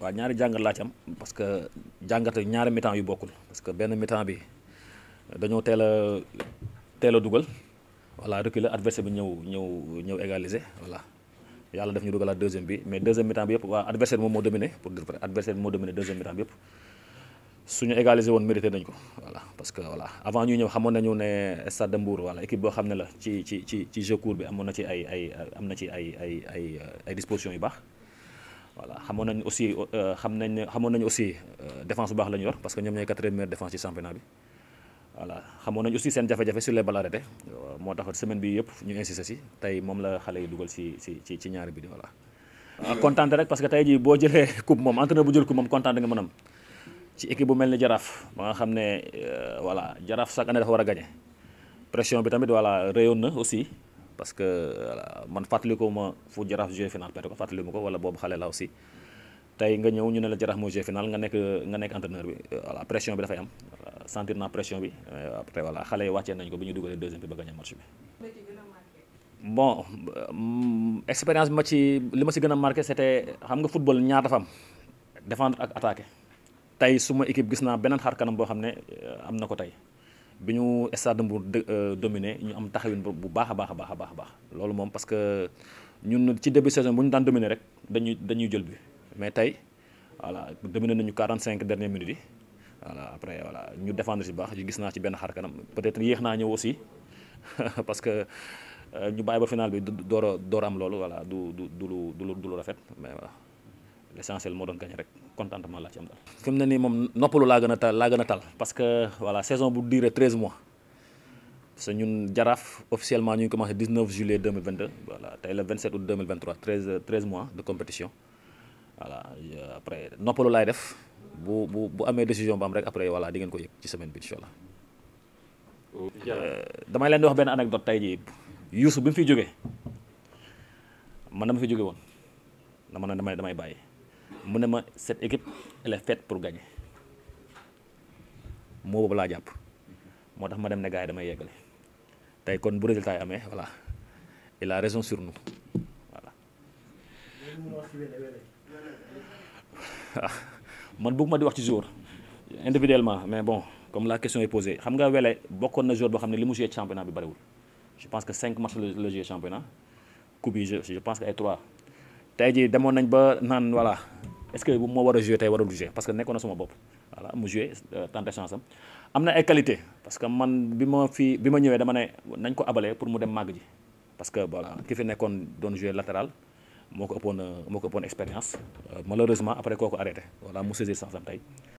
waaw ñaari jàngat laa ci am parce que jàngat ñaari mi yu bokkul parce que benn mi-temps bi dañoo teel a teel a dugal voilà reculer adversaire bi ñëw ñëw ñëw égaliser voilà yàlla daf ñu dugal ak deuxième bi mais deuxième mi-temps bi yëpp waa adversaire bi moom moo dominé pour dire vrai adversaire bi moo dominé deuxième mi suñu égaliser woon mériter nañ ko voilà parce que voilà avant ñuy ñëw xamoon nañu ne Stade de Mbour voilà équipe boo xam ne la ci ci ci ci jeu court bi amoon na ci ay ay am na ci ay ay ay ay dispositions yu baax voilà xamoon nañ aussi euh, xam nañ ne xamoon nañ aussi euh, défense bu baax la ñu yor parce que ñoom ñooy quatrième meilleure défense ci championnat bi voilà xamoon nañ aussi seen jafe-jafe sur les balles euh, moo tax semaine bi yëpp ñu insisté si tey moom la xale yi dugal si si ci ci ñaari bi di voilà ah, kontaan rek parce que tey jii boo jëlee coupe moom entraîneur bu jël coupe moom kontaan nga mën am ci équipe bu mel ni jaraaf ba nga xam ne voilà jaraaf chaque année dafa war a gagné pression bi tamit voilà réyoon na aussi parce que man fàttaliku ma fu jaraaf joué final peut-être fàttali ma ko wala boobu xale la aussi tey nga ñëw ñu ne la jaraaf moo joué final nga nekk nga nekk entraîneur bi voilà pression bi dafay am sentir naa pression bi euh, après voilà xale yi wàccee nañ ko bi ñu dugalee deuxième bi ba gagné match bi. bon euh, expérience bi ma ci li ma si gën a marqué c'était xam nga football ñaar dafa am défendre ak attaquer tey suma équipe gis naa beneen xar kanam boo xam ne euh, am na ko tey. bi ñu stade Mbour euh, dominé ñu am taxawin bu baax a baax a baax a baax loolu moom parce que ñun ci début saison bu ñu daan dominé rek dañuy dañuy jël bi mais tey voilà dominé nañu 45 dernières minutes yi voilà après voilà ñu défendre si baax gis naa ci benn xar kanam peut-être yéex naa ñëw aussi parce que euh, ñu bàyyi ba final bi door a door am loolu voilà du du du lu du lu rafet mais voilà. l'essentiel moo doon gagné rek contentement laa ci am daal. fi mu ne moom noppalu laa gën a tal laa gën a tal parce que voilà saison bu duré 13 mois parce ñun jaraaf officiellement ñu ngi commencé 19 juillet 2022 voilà tey le 27 août 2023 13 13 mois de compétition voilà après noppalu laay def bu bu bu amee décision ba am rek après voilà di ngeen ko yëg ci semaine bi incha allah. Euh, damay leen di wax benn anecdote tey jii Youssou bi mu fi jógee man dama fi jóge woon dama ne damay damay bàyyi. mu ne ma cette équipe elle est pour gagner moo boobu laa jàpp moo tax ma dem negaay gars yi damay yeggale tey kon bu résultat yi amee voilà il la raison sur nous voilà. Ah, man bëgguma di wax ci jour individuellement mais bon comme la question est posée xam nga Wele bokkoon na jour boo xam ne li mu joué championnat bi bariwul je pense que cinq matchs la la joué championnat coupe yi je pense que ay trois. tey jii demoon nañ ba naan voilà est-ce que moo war a jouer tey warul jouer parce que nekkoon na sama bopp voilà mu jouer euh, tenté chance am am na ay qualité parce que man bi ma fi bi ma ñëwee dama ne nañ ko abale pour mu dem màgg ji parce que voilà ki fi nekkoon doon jouer latéral moo ko ëppoon euh, moo ko ëppoon expérience euh, malheureusement après kooku arrêté voilà mu saisir chance am tey